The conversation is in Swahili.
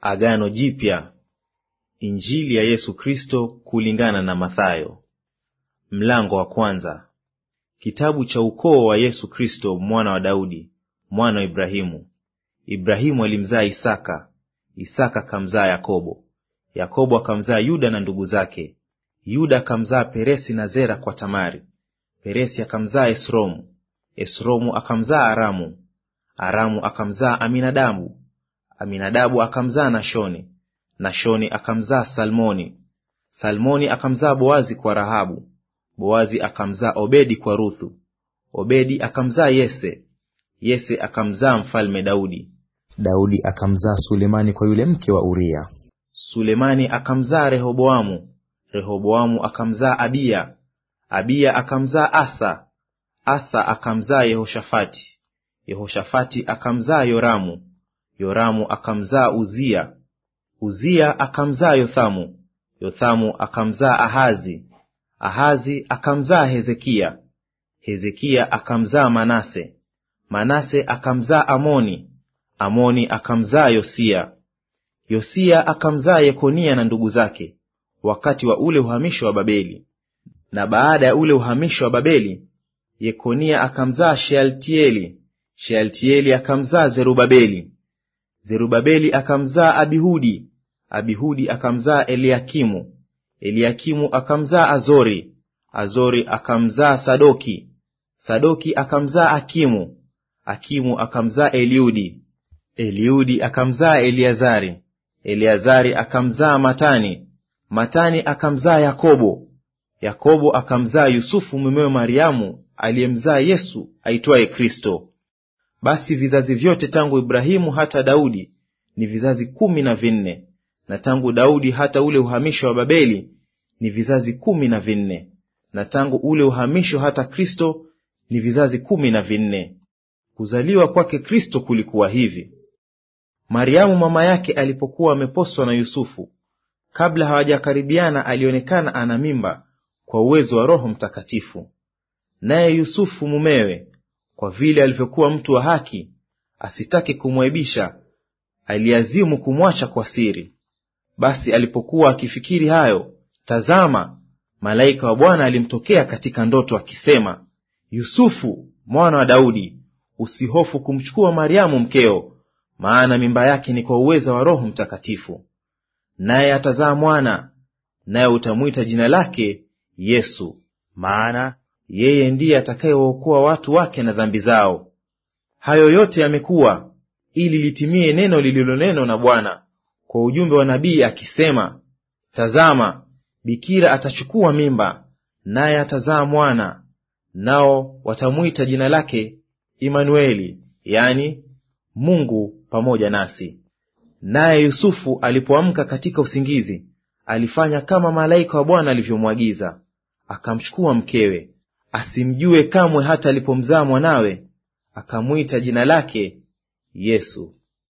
Agano Jipya. Injili ya Yesu Kristo kulingana na Mathayo. Mlango wa kwanza. Kitabu cha ukoo wa Yesu Kristo mwana wa Daudi, mwana wa Ibrahimu. Ibrahimu alimzaa Isaka, Isaka akamzaa Yakobo, Yakobo akamzaa Yuda na ndugu zake. Yuda akamzaa Peresi na Zera kwa Tamari. Peresi akamzaa Esromu, Esromu akamzaa Aramu, Aramu akamzaa Aminadabu Aminadabu akamzaa Nashoni, Nashoni akamzaa Salmoni, Salmoni akamzaa Boazi kwa Rahabu, Boazi akamzaa Obedi kwa Ruthu, Obedi akamzaa Yese, Yese akamzaa mfalme Daudi. Daudi akamzaa Sulemani kwa yule mke wa Uria. Sulemani akamzaa Rehoboamu, Rehoboamu akamzaa Abiya, Abiya akamzaa Asa, Asa akamzaa Yehoshafati, Yehoshafati akamzaa Yoramu, Yoramu akamzaa Uzia, Uzia akamzaa Yothamu, Yothamu akamzaa Ahazi, Ahazi akamzaa Hezekia, Hezekia akamzaa Manase, Manase akamzaa Amoni, Amoni akamzaa Yosia, Yosia akamzaa Yekonia na ndugu zake wakati wa ule uhamisho wa Babeli. Na baada ya ule uhamisho wa Babeli, Yekonia akamzaa Shealtieli, Shealtieli akamzaa Zerubabeli, Zerubabeli akamzaa Abihudi, Abihudi akamzaa Eliakimu, Eliakimu akamzaa Azori, Azori akamzaa Sadoki, Sadoki akamzaa Akimu, Akimu akamzaa Eliudi, Eliudi akamzaa Eleazari, Eleazari akamzaa Matani, Matani akamzaa Yakobo, Yakobo akamzaa Yusufu mumewe Mariamu aliyemzaa Yesu aitwaye Kristo. Basi vizazi vyote tangu Ibrahimu hata Daudi ni vizazi kumi na vinne, na tangu Daudi hata ule uhamisho wa Babeli ni vizazi kumi na vinne, na tangu ule uhamisho hata Kristo ni vizazi kumi na vinne. Kuzaliwa kwake Kristo kulikuwa hivi: Mariamu mama yake alipokuwa ameposwa na Yusufu, kabla hawajakaribiana alionekana ana mimba kwa uwezo wa Roho Mtakatifu. Naye Yusufu mumewe kwa vile alivyokuwa mtu wa haki, asitake kumwaibisha, aliazimu kumwacha kwa siri. Basi alipokuwa akifikiri hayo, tazama, malaika wa Bwana alimtokea katika ndoto akisema, Yusufu mwana wa Daudi, usihofu kumchukua Mariamu mkeo, maana mimba yake ni kwa uweza wa Roho Mtakatifu, naye atazaa mwana, naye utamwita jina lake Yesu, maana yeye ndiye atakayewaokoa watu wake na dhambi zao. Hayo yote yamekuwa ili litimie neno lililoneno na Bwana kwa ujumbe wa nabii akisema, Tazama, bikira atachukua mimba, naye atazaa mwana, nao watamwita jina lake Imanueli, yani Mungu pamoja nasi. Naye Yusufu alipoamka katika usingizi, alifanya kama malaika wa Bwana alivyomwagiza, akamchukua mkewe asimjue kamwe hata alipomzaa mwanawe akamwita jina lake Yesu.